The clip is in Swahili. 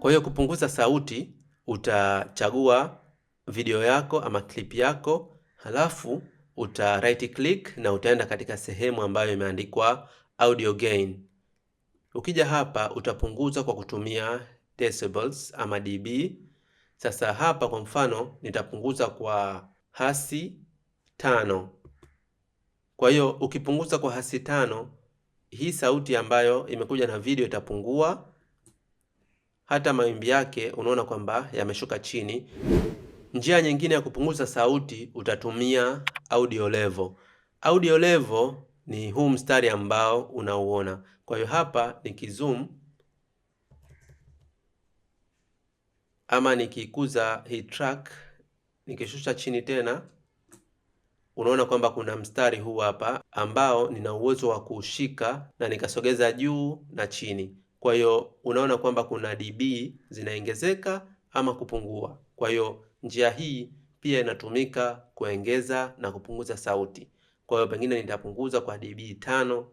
Kwa hiyo kupunguza sauti, utachagua video yako ama clip yako, halafu uta right click na utaenda katika sehemu ambayo imeandikwa audio gain. Ukija hapa utapunguza kwa kutumia decibels ama dB. Sasa hapa kwa mfano nitapunguza kwa hasi tano. Kwa hiyo ukipunguza kwa hasi tano, hii sauti ambayo imekuja na video itapungua hata mawimbi yake unaona kwamba yameshuka chini. Njia nyingine ya kupunguza sauti utatumia audio level. Audio level ni huu mstari ambao unauona. Kwa hiyo hapa nikizoom ama nikikuza hii track nikishusha chini tena, unaona kwamba kuna mstari huu hapa ambao nina uwezo wa kushika na nikasogeza juu na chini. Kwa hiyo unaona kwamba kuna dB zinaongezeka ama kupungua. Kwa hiyo njia hii pia inatumika kuongeza na kupunguza sauti. Kwa hiyo pengine nitapunguza kwa dB tano